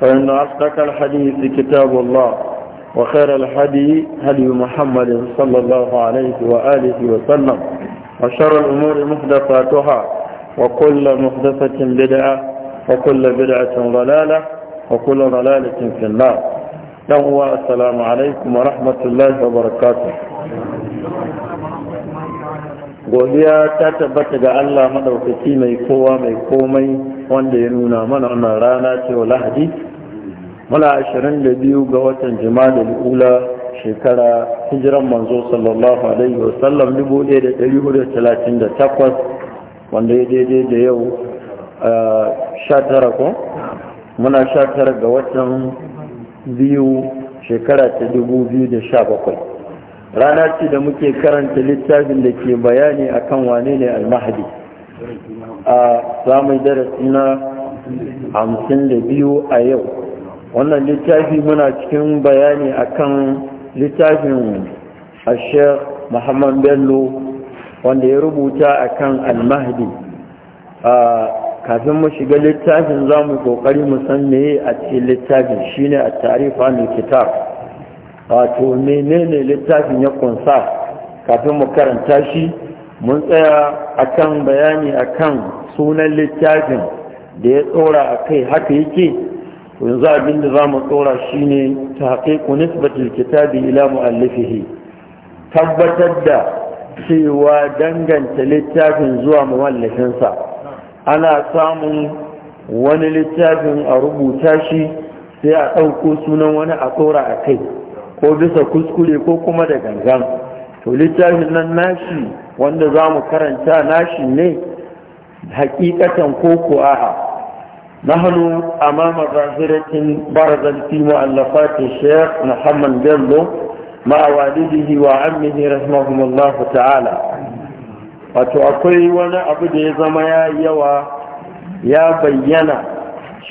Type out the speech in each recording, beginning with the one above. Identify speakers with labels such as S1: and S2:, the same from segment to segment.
S1: فإن أصدق الحديث كتاب الله وخير الحديث هدي محمد صلى الله عليه وآله وسلم وشر الأمور محدثاتها وكل محدثة بدعة وكل بدعة ضلالة وكل ضلالة في النار يوم السلام عليكم ورحمة الله وبركاته godiya ta tabbata ga Allah madaukaki mai kowa mai komai wanda ya nuna mana wannan rana ce lahadi muna 22 ga watan jima'a ula shekara hijiran manzo sallallahu alaihi wasallam 1438 wanda ya daidai da yau 19 ko muna 19 ga watan biyu shekara ta 2017 rana ce da muke karanta littafin da ke bayani akan wane ne almahadi a zamu darasi na 52 a yau wannan littafi muna cikin bayani akan littafin ashir muhammad bello wanda ya rubuta akan almahdi kafin mu shiga littafin za mu kokari mu san meye a cikin littafin shine a tarifa mai kitab wato menene littafin ya kunsa kafin mu karanta shi mun tsaya akan bayani akan sunan littafin da ya tsora a kai haka yake yanzu abin da za mu tsora shi ne ta haƙiƙu nisbatul kitabi ila mu'allifihi tabbatar da cewa danganta littafin zuwa mawallafinsa ana samun wani littafin a rubuta shi sai a ɗauko sunan wani a tsora a kai ko bisa kuskure ko kuma da gangan to littafin nan nashi wanda za mu karanta nashi ne hakikatan ko ko a'a نحن أمام ظاهرة برزت في مؤلفات الشيخ محمد بيرلو مع والده وعمه رحمهم الله تعالى وتأكل وانا أبدا زمايا يوا يا بينا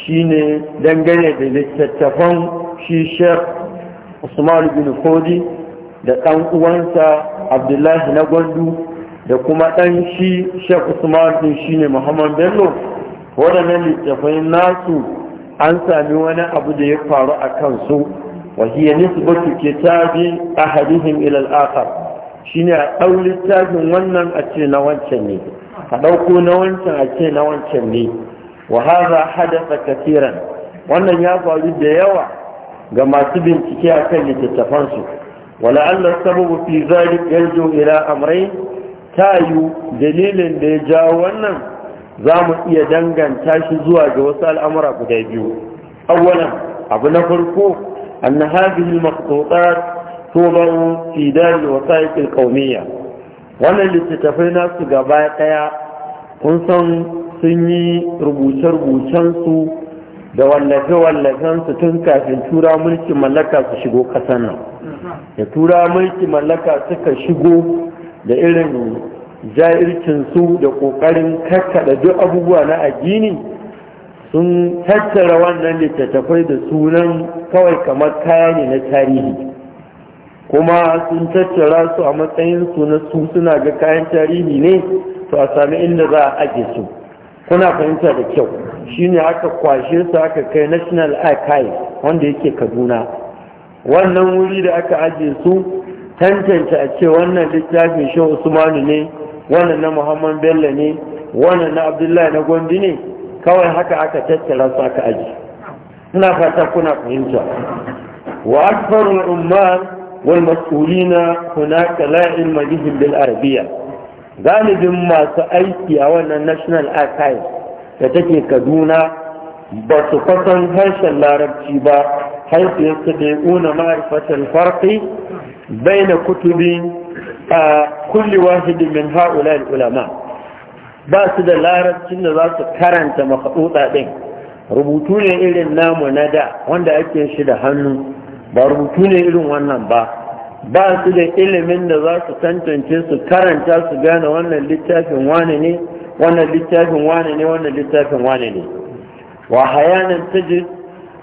S1: shine dangane da littattafan shi sheikh usman bin fodi da ɗan uwansa abdullahi na gwandu da kuma ɗan shi sheikh usman din ne muhammad bello waɗannan littafai nasu an sami wani abu da ya faru a kansu wahiyya nisbatu kitabi ahadihim ila al-akhar shine a ɗau littafin wannan a ce na wancan ne a ɗauko na wancan a ce na wancan ne wa hadha hadatha katiran wannan ya faru da yawa ga masu bincike akan littattafansu Wala sababu fi zalik yarjo ila amrai ta dalilin da ya jawo wannan za mu iya danganta shi zuwa ga wasu al'amura guda biyu awwalan abu na farko an na hadhihi al-maqtutat tubu fi dar wannan littattafai nasu gaba ɗaya kun san sun yi rubuce rubucensu da wallafe wallafensu tun kafin tura mulkin mallaka su shigo kasan nan da tura mulkin mallaka suka shigo da irin su da ƙoƙarin kakkaɗa duk abubuwa na addini sun tattara wannan littattafai da sunan kawai kamar kaya ne na tarihi kuma sun tattara su a matsayin su na su suna ga kayan tarihi ne to a sami inda za a aje su kuna fahimta da kyau shine aka kwashe su aka kai national archive wanda yake kaduna wannan wuri da aka ajiye su tantance a ce wannan littafin shan usmanu ne wannan na muhammad bello ne wannan na abdullahi na gondi ne kawai haka aka tattara su aka aji suna fata kuna fahimta wa akfarul umman wal mas'ulina hunaka la ilma bihim bil arabiya. galibin masu aiki a wannan national archive da take kaduna ba su kwasan harshen larabci ba har yadda da ya ƙuna ma'arifatar farki bai na kutubin kulli wahidin min ha'ula ulama ba su da larabcin da za su karanta makadutsa ɗin rubutu ne irin namu na da wanda ake shi da hannu ba rubutu ne irin wannan ba ba su da ilimin da za su tantance su karanta su gane wannan littafin wane ne wannan littafin wane ne wannan littafin wane ne wa hayanan tajid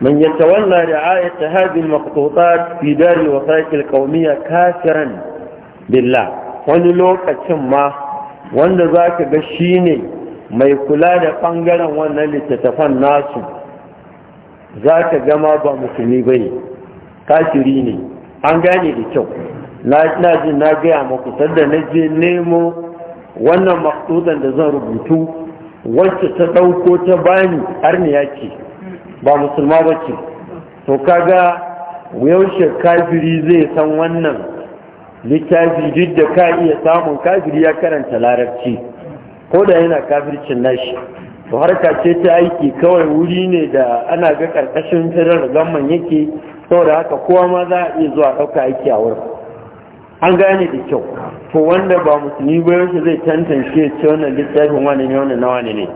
S1: من يتولى رعاية هذه المخطوطات في دار الوثائق القومية كافرا billa wani lokacin ma wanda za ka ga shi ne mai kula da ɓangaren wannan littattafan nasu za ka gama ba musulmi ba ne kafiri ne an gane da kyau na ji na gaya maku sadda na je nemo wannan maksudan da zan rubutu wacce ta ɗauko ta bani arniya ce ba musulma ba ce to kaga yaushe kafiri zai san wannan littafi duk da ka iya samun kafiri ya karanta larabci ko da yana kafircin nashi to harka ce ta aiki kawai wuri ne da ana ga karkashin firar gamman yake saboda haka kowa ma za a iya zuwa ɗauka aiki a wurin an gane da kyau to wanda ba musulmi ba yaushe zai tantance ya ce wannan littafin wani ne wannan na ne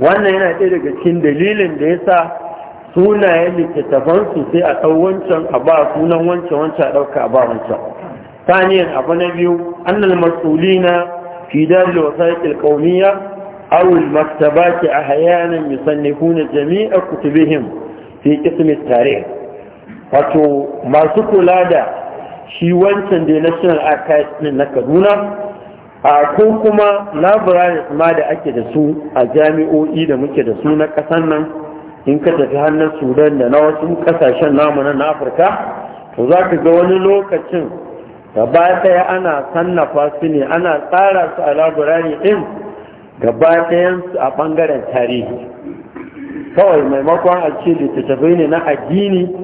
S1: wannan yana ɗaya daga cikin dalilin da ya sa sunayen littattafansu sai a ɗau wancan a ba sunan wancan wancan a ɗauka a ba wancan ثانيا أبو نبيو أن المسؤولين في دار الوثائق القومية أو المكتبات أحيانا يصنفون جميع كتبهم في قسم التاريخ wato masu kula da shi wancan da national archives ne na kaduna a ko kuma labarai ma da ake da su a jami'o'i da muke da su na ƙasar nan in ka tafi hannun sudan da na wasu ƙasashen namu na afirka to za ka ga wani lokacin gaba ɗaya ana sannafa su ne ana tsara su a laburari ɗin gaba ɗayansu a ɓangaren tarihi kawai maimakon a ce littattafai ne na addini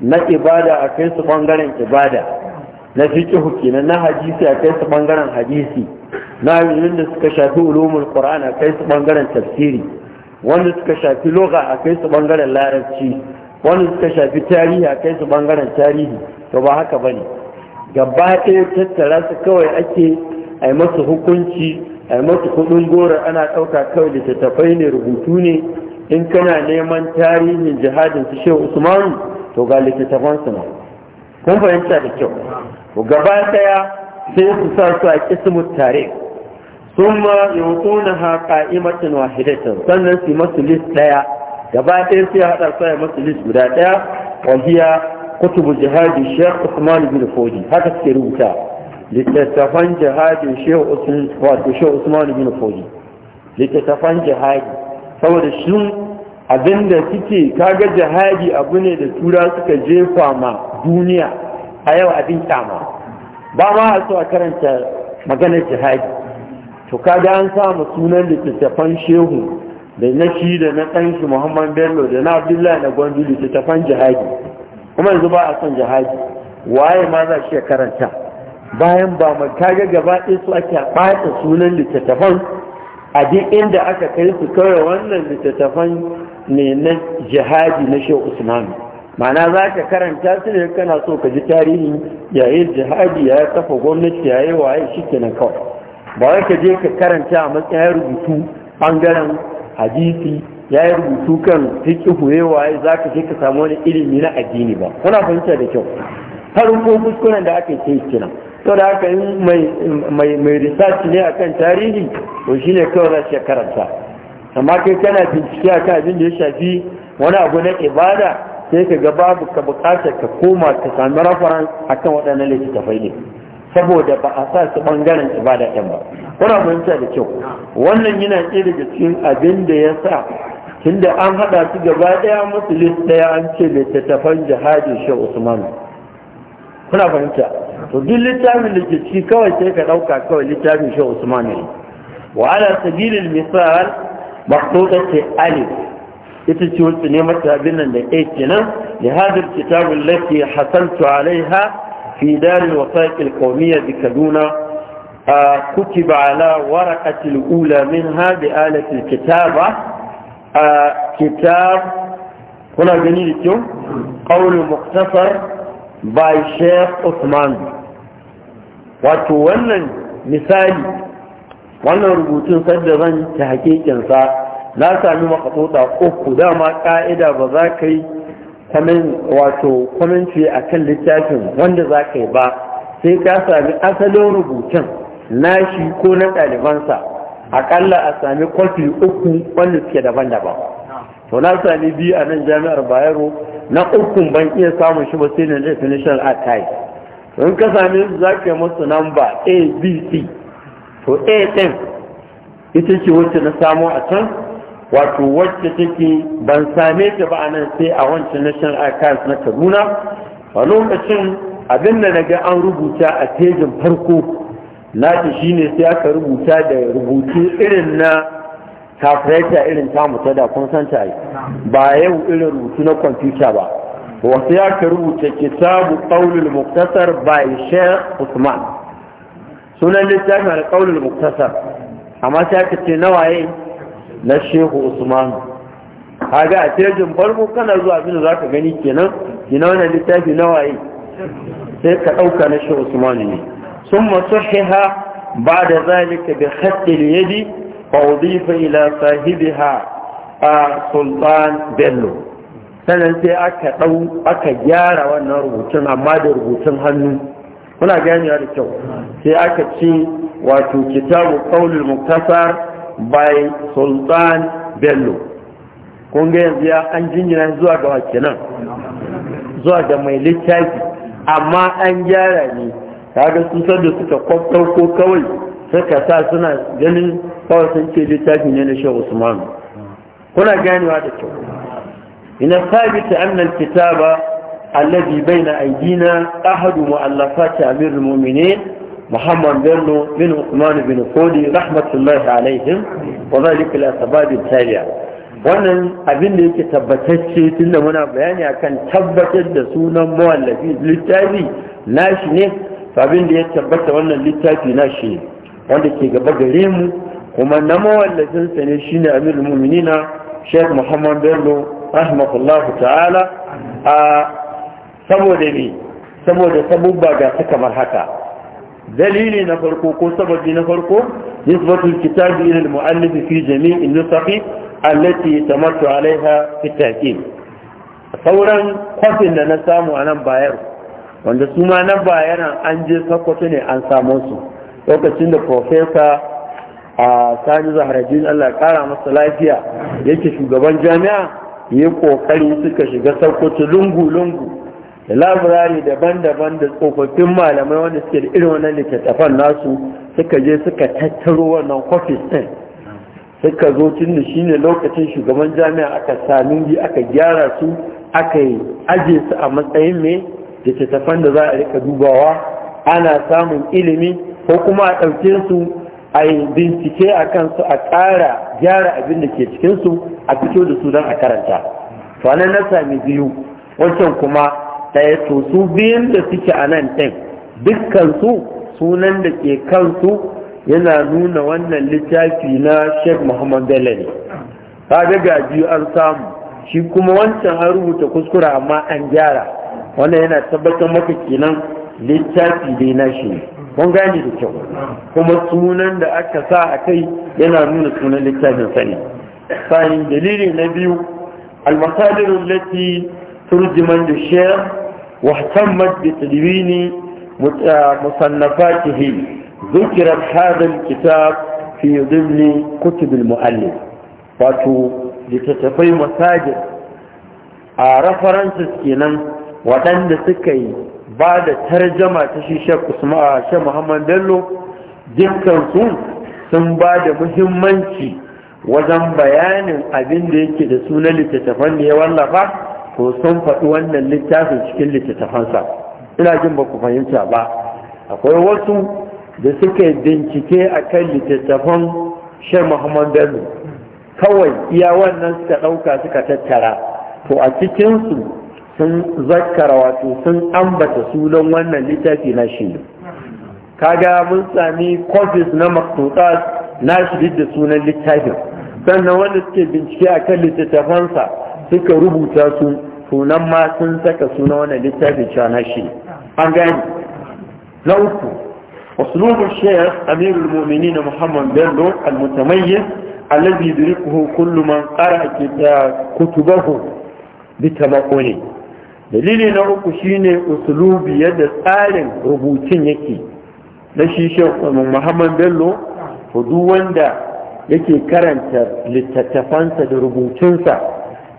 S1: na ibada a kai su ɓangaren ibada na fiƙihu kenan na hadisi a kai su ɓangaren hadisi na ilimin da suka shafi ulumul qur'an a kai su ɓangaren tafsiri wanda suka shafi loga a kai su ɓangaren larabci wanda suka shafi tarihi a kai su ɓangaren tarihi to ba haka bane gaba ɗaya tattara su kawai ake a yi masu hukunci a yi masu kuɗin goro ana ɗauka kawai littattafai ne rubutu ne in kana neman tarihin jihadin su shehu usmanu to ga littattafan su nan kun fahimta da kyau to gaba ɗaya sai su sa su a kismu tare sun ma yautuna ha ka'imatin wahidatan sannan su yi masu list ɗaya gaba ɗaya sai haɗa sa a masu list guda ɗaya wahiya kutubul jihadi Sheikh Usman bin haka suke rubuta littattafan jihadin Sheikh Usman bin Fodi littattafan jihadi saboda shi abinda suke kaga jihadi abu ne da tura suka jefa ma duniya a yau abin kyama ba ma a so a karanta maganar jihadi to kaga an samu sunan littattafan shehu da na shi da na ɗanshi muhammad bello da na abdullahi na gwandu littattafan jihadi kuma yanzu ba a son jihadi waye ma za shi ya karanta bayan ba mu kaga gaba ɗaya su ake ɓata sunan littattafan a duk inda aka kai su kawai wannan littattafan ne na jihadi na shehu usman ma'ana za ka karanta su ne kana so ka ji tarihi yayi jihadi ya kafa gwamnati yayi waye shi kenan kawai ba wai ka je ka karanta a matsayin rubutu bangaren hadisi ya yi rubutu kan fiƙihu ya waye za ka je ka samu wani ilimi na addini ba kuna fahimta da kyau harin ko kuskuren da aka yi kenan to da aka yi mai research ne akan tarihi to shine ne kawai za shi karanta amma kai kana bincike akan abin da ya shafi wani abu na ibada sai ka ga babu ka bukata ka koma ka sami a akan waɗannan littattafai ne saboda ba a sa su bangaren ibada ɗin ba kuna fahimta da kyau wannan yana ɗaya daga cikin abin da ya sa tunda an hada su gaba daya musu list daya an ce littattafan jihadi shi usman kuna fahimta to duk littafin da ke ci kawai sai ka dauka kawai littafin shi usman ne wa ala sabilil misal maqtuta ta alif ita ce wacce ne mata abin nan da a kenan da hadar kitabun lati hasaltu alaiha fi darin wasaƙil ƙaumiya bi kaduna كتب على ورقة الأولى منها بآلة الكتابة a kitab kuna gani da kyau ƙaunin muktasar by sheikh usman wato wannan misali wannan rubutun sadda zan ta hakikinsa na sami makasota uku dama ƙa'ida ba za ka yi wato kwaminci a kan littafin wanda za ka yi ba sai ka sami asalin rubutun nashi ko na ɗalibansa akalla a sami kwafi uku wanda suke daban-daban to na sami biyu a nan jami'ar bayero na uku ban iya samun shi ba sai na definition archive to in ka sami su za ka yi musu namba a b c to a N ita ce wacce na samu a can wato wacce take ban same ta ba a nan sai a wancan national archives na kaduna a lokacin abin da na ga an rubuta a tejin farko nashi ne sai aka rubuta da rubutu irin na kafirata irin tamu ta da kun san ta ba yau irin rubutu na kwamfuta ba wasu ya ka rubuta kitabu qaulul muktasar by Sheikh Usman sunan littafin al-qaulul muktasar amma sai aka ce waye na Sheikh Usman kaga a cikin farko kana zuwa abin za ka gani kenan kina wannan littafi waye? sai ka dauka na Sheikh Usman ne ثم صحها بعد ذلك بخط اليد فوضيف إلى صاحبها سلطان بلو sannan sai aka ɗau aka gyara wannan rubutun amma da rubutun hannu kuna ganewa da kyau sai aka ce wato kitabu ƙaunin muktasar by sultan bello kun yanzu ya an jinyina zuwa ga wakilan zuwa ga mai littafi amma an gyara ne kaga su da suka ko kawai suka sa suna ganin kawai sun ce littafi ne na shehu usman kuna ganewa da kyau ina sabita annal kitaba alladhi baina aydina ahadu mu'allafati amirul mu'minin محمد بن بن عثمان بن فودي رحمة الله عليهم وذلك الأسباب التالية wannan abin da yake tabbatacce tunda muna bayani akan tabbatar da sunan mawallafi littafi nashi ne abin da ya tabbata wannan littafi na shi wanda ke gaba gare mu kuma na mawallafinsa ne shine amirul mu'minina sheikh muhammad bello rahimahullahu ta'ala a saboda ne saboda sabubba ga ta kamar haka dalili na farko ko sababi na farko nisbatul kitabi ila al-mu'allif fi jami'i nusakhi allati tamattu alaiha fi at sauran kwafin da na samu a nan bayar wanda su ma na bayanan an je sakwato ne an samu su lokacin da profesa a sani zaharajin allah kara masa lafiya yake shugaban jami'a ya kokari suka shiga sakwato lungu-lungu da labirari daban-daban da tsofaffin malamai wanda suke da irin wannan littattafan nasu suka je suka tattaro wannan kwafis ɗin suka zo tun da shi ne lokacin shugaban jami'a aka sami aka gyara su aka yi aje su a matsayin mai littattafan da za a rika dubawa ana samun ilimi ko kuma a ɗauke su a yi bincike a kansu a ƙara gyara abin da ke cikinsu a fito da su don a karanta Fana na sami biyu wancan kuma ɗaya to su biyun da suke a nan ɗin dukkansu sunan da ke kansu yana nuna wannan littafi na sheikh muhammad bello ne ga biyu an samu shi kuma wancan an rubuta kuskura amma an gyara wannan yana tabbatar maka kenan littafi dai na shi ne gane da kyau kuma sunan da aka sa a kai yana nuna sunan littafin sani sanin dalili na biyu almasadiru lati turjiman da shayar wahtammat bi tadwini musannafatihi zikirar hadal kitab fi dhimni kutub almuallif wato litatafai masajid a references kenan waɗanda suka yi ba da tarjama ta shi shek muhammad bello dukkansu sun ba da muhimmanci wajen bayanin abin da yake da suna littattafan da ya wallafa ko sun faɗi wannan littafin cikin littattafansa ina jin ba ku fahimta ba akwai wasu da suka yi bincike a kan littattafan shek muhammad bello kawai iya wannan suka ɗauka suka tattara to a cikinsu sun zakkara wato sun ambata sunan wannan littafi na shi kaga mun sami kofis na maktuta na shi da sunan littafin sannan wanda suke bincike a kan littattafansa suka rubuta su sunan ma sun saka sunan wannan littafin cewa na shi an gani na uku Amirul Bello الشيخ أمير المؤمنين محمد بن المتميز الذي يدركه ke من قرأ bi بتمكنه dalili na uku shine usulubi yadda tsarin rubutun yake na shi muhammad bello hudu wanda yake karanta littattafansa da rubutunsa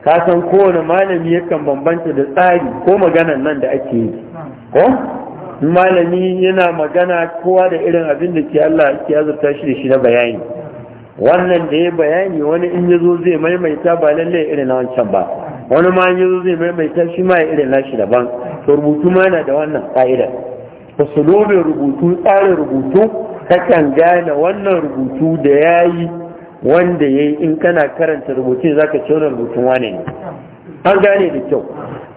S1: ka san kowane malami yakan bambanta da tsari ko maganan nan da ake yi ko malami yana magana kowa da irin abin da ke Allah ke azurta shi da shi na bayani wannan da ya bayani wani in ya zo zai maimaita ba lallai irin na wancan ba wani ma yi zo zai maimaita shi ma ya irin nashi daban to rubutu ma na da wannan ƙa'idar lobe rubutu tsarin rubutu ta kan gane wannan rubutu da ya yi wanda ya yi in kana karanta rubutu za ka ce rubutun wane ne an gane da kyau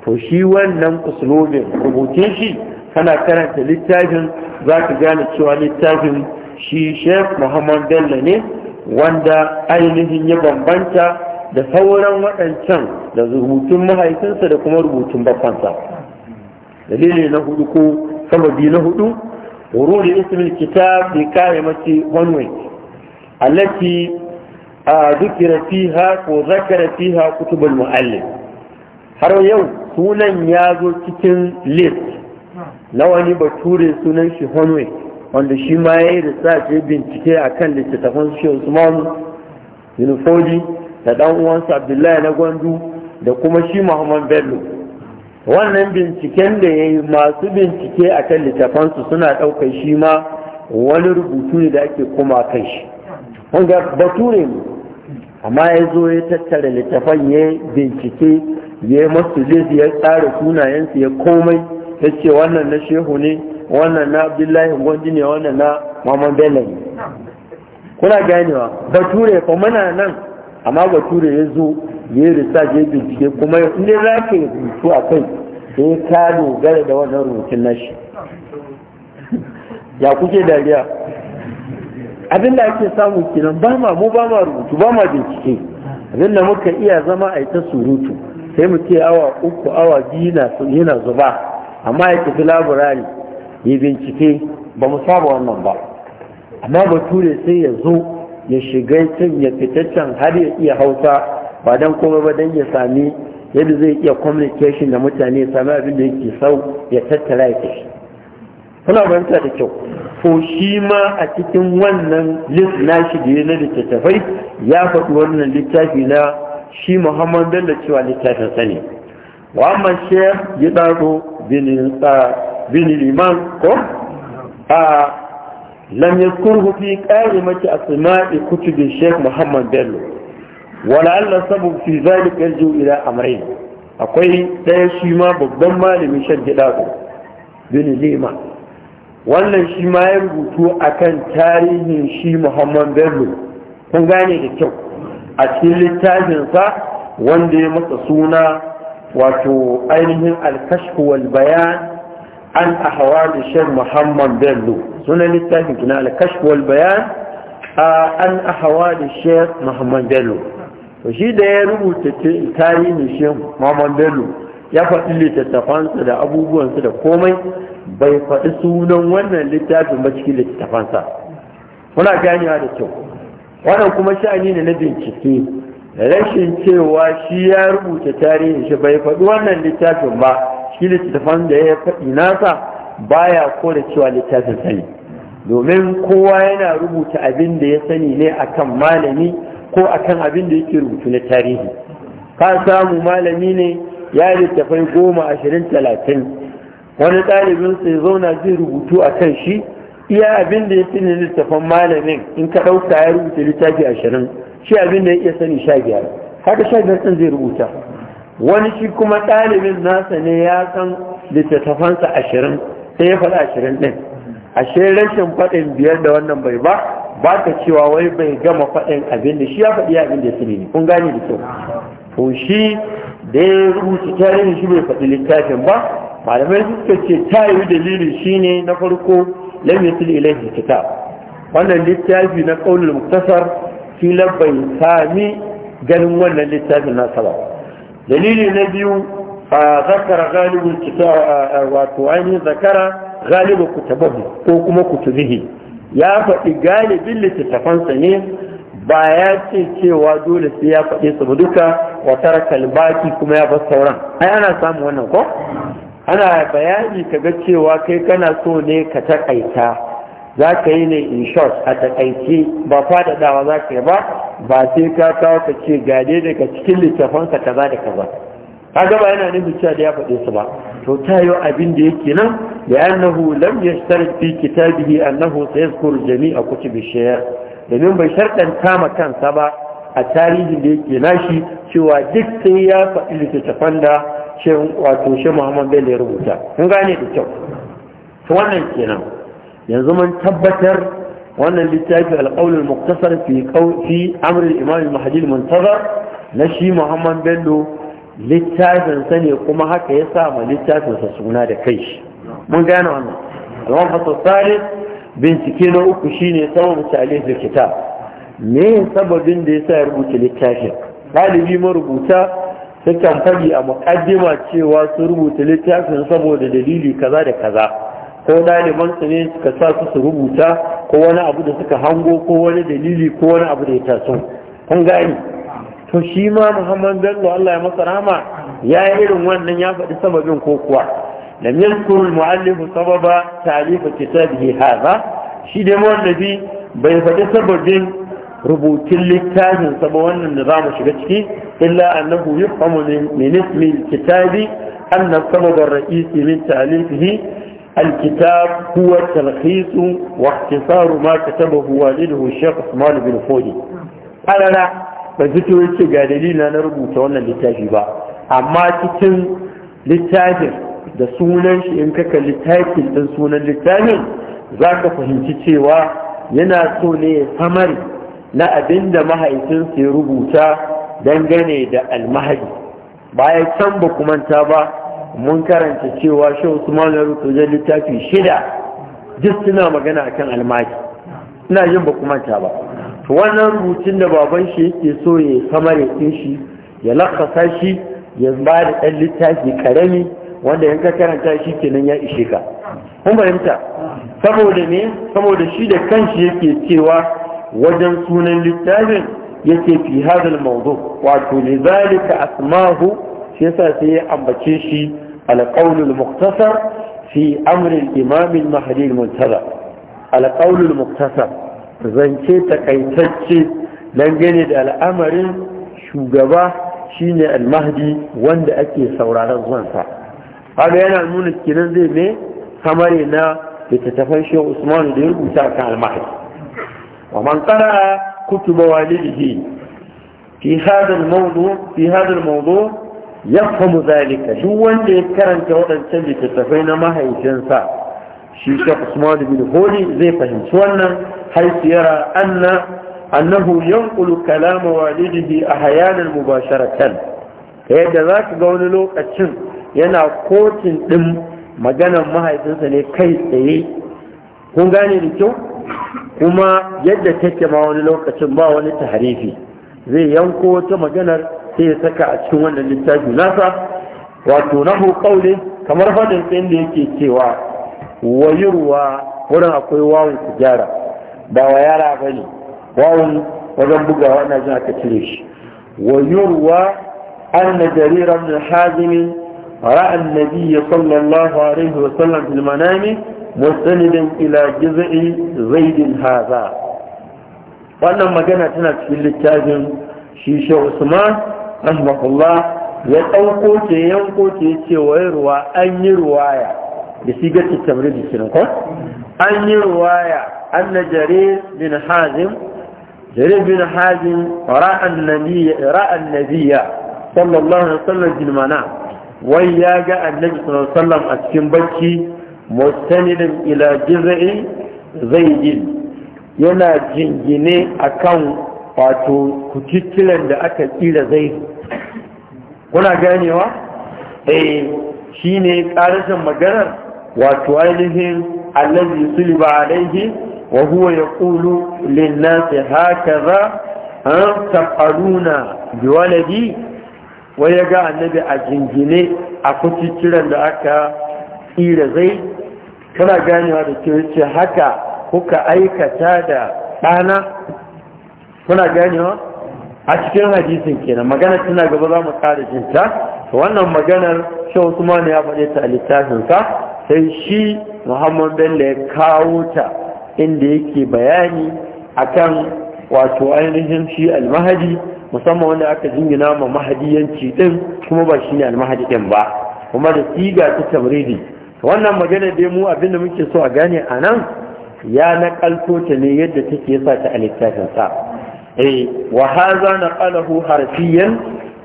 S1: to shi wannan usulobin rubutun shi kana karanta littafin za ka gane cewa littafin shi shef muhammad bello ne wanda ainihin ya bambanta da sauran waɗancan da rubutun mahaifinsa da kuma rubutun bafansa. dalili na hudu ko sababi na hudu wurudi ismil kitab bi kalimati hunway a dhukira rafiha ko zakara fiha kutubul muallif har yau sunan ya zo cikin list na wani bature sunan shi hunway wanda shi ma ya yi da sa bincike a kan littattafan shi usman Yunifodi. da dan uwansa abdullahi na gwandu da kuma shi muhammad bello wannan binciken da ya yi masu bincike a kan littafansu suna ɗaukar shi ma wani rubutu ne da ake kuma kai shi ga bature ne amma ya zo ya tattara littafan ya bincike ya yi masu lezi ya tsara sunayensu ya komai ya ce wannan na shehu ne wannan na abdullahi gwandu ne wannan na muhammad bello ne kuna ganewa bature kuma muna nan amma bature ya zo ya yi research ya bincike kuma in dai za ka rubutu a kai sai ka dogara da wannan rubutun nashi ya kuke dariya abin da ake samu kenan ba ma mu ba ma rubutu ba ma bincike abin muka iya zama a yi ta surutu sai mu ce awa uku awa biyu yana zuba amma ya tafi laburari ya bincike ba mu saba wannan ba amma bature sai ya zo ya shiga can ya fitaccen har ya iya hausa ba don kuma ba don ya sami yadda zai iya communication da mutane ya sami abin da yake sau ya tattara ya shi kuna fahimta da kyau ko shi ma a cikin wannan list na shi da na littattafai ya faɗi wannan littafi na shi muhammad bello cewa littafin sani wa amma ya ɗaro ah, bin liman ko a ah, lam yadhkurhu fi qalimati asma'i kutubi Sheikh Muhammad Bello wala alla sabu fi zalika yarju ila amrayn akwai ɗaya shi ma babban malamin shan gida bin lima wannan shi ma ya rubutu a kan tarihin shi Muhammad Bello kun gane da kyau a cikin littafinsa wanda ya masa suna wato ainihin alkashku wal bayan an ahwal Sheikh Muhammad Bello sunan littafin kina al-kashf wal bayan an ahwal Sheikh Muhammad Bello to shi da ya rubuta tarihin Sheikh Muhammad Bello ya faɗi littattafansa da abubuwansa da komai bai faɗi sunan wannan littafin ba cikin littattafansa muna ganewa da kyau wannan kuma sha'ani ne na bincike rashin cewa shi ya rubuta tarihin shi bai faɗi wannan littafin ba shi littattafan da ya faɗi nasa baya da cewa littafin sani domin kowa yana rubuta abin da ya sani ne akan malami ko akan abin da yake rubutu na tarihi ka samu malami ne ya littafai goma ashirin talatin wani ɗalibin sai zauna zai rubutu a kan shi iya abin da ya sani littafan malamin in ka ɗauka ya rubuta littafi ashirin shi abin da ya iya sani sha biyar haka sha biyar ɗin zai rubuta wani shi kuma ɗalibin nasa ne ya san littattafansa ashirin sai ya faɗi ashirin ɗin ashe rashin faɗin biyar da wannan bai ba ba ka cewa wai bai gama faɗin abin da shi ya faɗi abin da sani ne kun gane da kyau to shi da ya rubuta tarihin shi bai faɗi littafin ba malamai suka ce ta yi shi ne na farko lam yasil ilaihi kitab wannan littafi na qaulul muktasar fi bai sami ganin wannan littafin nasa ba dalili na biyu a zakara galibin wato ainihin zakara galibin kutabahu ko kuma kutubihi ya faɗi galibin littattafansa ne ba ya ce cewa dole sai ya faɗi su duka wa tarakal kuma ya bar sauran ai ana samun wannan ko ana bayani ka ga cewa kai kana so ne ka taƙaita za ka yi ne in short a taƙaice. ba faɗaɗawa za ka yi ba ba sai ka kawo ka ce gade daga cikin littafansa kaza da kaza kaga ba yana nufin cewa da ya faɗe su ba to ta yi abin da yake nan da annahu lam yashtarit fi kitabihi annahu sayazkuru jami'a kutubi bishiyar. domin bai sharɗanta ma kansa ba a tarihin da yake nashi cewa duk sai ya faɗi littattafan da shin wato shi Muhammad Bello ya rubuta kun gane da kyau to wannan kenan yanzu mun tabbatar wannan littafi alƙaunin muktasar fi amrin imam mahadi muntazar na shi muhammad bello littafinsa ne kuma haka ya sa ma littafinsa suna da kai shi mun gane wannan alwan salif bincike na uku shine saman misalai da kita? me sababin da ya sa ya rubuta littafin ɗalibi marubuta sukan faɗi a muƙaddima cewa su rubuta littafin saboda dalili kaza da kaza ko su ne suka sa su su rubuta ko wani abu da suka hango ko wani dalili ko wani abu da ya taso kun gani to shi ma muhammad bello allah ya masa rama ya yi irin wannan ya faɗi sababin ko kuwa lam yazkur muallifu sababa ta'lifa kitabihi hadha shi dai mawallafi bai faɗi sababin rubutun littafin ba wannan da zamu mu shiga ciki illa annahu yufhamu min ismi kitabi anna sababa ar-ra'isi min ta'lifihi الكتاب هو تلخيص واختصار ما كتبه والده الشيخ عثمان بن فودي أنا لا بزيتو يتي قادلي لا نربو تونا لتاجي با أما تتن لتاجر da sunan shi in kaka littafin ɗin sunan littafin za ka fahimci cewa yana so ne samar na abinda mahaifinsa ya rubuta dangane da almahadi bayan can ba manta ba mun karanta cewa shi usman ya rubuta littafi shida duk suna magana akan almaki ina yin ba kuma ta ba wannan rubutun da baban shi yake so ya kamar din shi ya lakasa shi ya ba da ɗan littafi karami wanda yanka karanta shi kenan ya ishe ka kun fahimta saboda ne saboda shi da kanshi yake cewa wajen sunan littafin yake fi hadal mawdu wato ne asmahu shi yasa sai ya ambace shi القول المختصر في أمر الإمام المهدي المنتظر القول المختصر zance takaitacce dangane da al'amarin shugaba shine al-mahdi wanda ake sauraron zuwansa haka yana nuna kinan zai ne samare na littattafan shi Usman da ya rubuta kan mahdi wa man qara kutuba walidihi fi hadha mawdu fi hadha mawdu yafhamu zalika duk wanda ya karanta waɗancan littattafai na mahaifinsa shi Sheikh Usman bin Holi zai fahimci wannan har yara anna annahu yanqulu kalama walidihi ahyanan mubasharatan yadda ka ga wani lokacin yana kotin ɗin maganar mahaifinsa ne kai tsaye kun gane da kyau kuma yadda take ma wani lokacin ba wani tahrifi zai yanko wata maganar sai ya saka a cikin wannan littafi nasa wato nahu qauli kamar fadin sai da yake cewa wayurwa wurin akwai wawun tijara ba wa yara bane wawun wajen bugawa ana jin aka cire shi wayurwa anna jarir ibn hazim ra'a an-nabiy sallallahu alaihi wa sallam fil manami mustanidan ila jiz'i zaid hadha wannan magana tana cikin littafin shi shehu usman rahmatullah ya ɗauko ce yanko ce ce wai ruwa an yi ruwaya da shi ga tattamri da shi ko an yi ruwaya an na jare bin hazim jare bin hazim ra'an nabiya sallallahu alaihi wasallam jilmana wai ya ga annabi sallallahu alaihi wasallam a cikin bacci mustanidin ila jizai jin. yana jingine a akan wato kutittilan da aka tsira zai kuna ganewa eh shine karashin maganar wato ainihin allazi suliba alaihi wa huwa sai haka za a an taqaluna biwaladi wa ga annabi a jingine a kutittilan da aka tsira zai kana ganewa da cewa haka kuka aikata da ɗana kuna ganewa a cikin hadisin kenan magana tana gaba za mu kare jinta wannan maganar shi usman ya faɗe ta a littafinsa sai shi muhammad bello ya kawo ta inda yake bayani akan wato ainihin shi almahadi musamman wanda aka jingina ma mahadiyanci din kuma ba shi ne almahadi din ba kuma da siga ta tamridi wannan maganar dai mu abinda muke so a gane a nan ya nakalto ta ne yadda take yasa ta a littafin sa eh wa hadha naqalahu harfiyan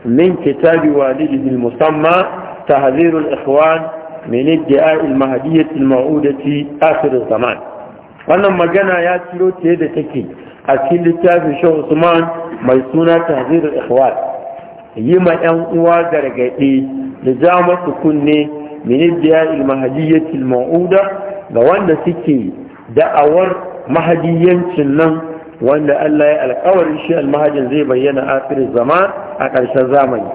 S1: min kitabi walidihi al-musamma tahdhir al-ikhwan min idda'i al-mahdiyyah al-ma'udati akhir zaman wannan magana ya ciro ta yadda take a cikin littafin shi Usman mai suna tahdhir al-ikhwan yi ma yan uwa gargaɗi da ja masu kunne min idda'i al-mahdiyyah al-ma'uda ga wanda suke da'awar mahadiyancin nan wanda Allah ya alkawarin shi almahajin zai bayyana asirin zama a ƙarshen zamani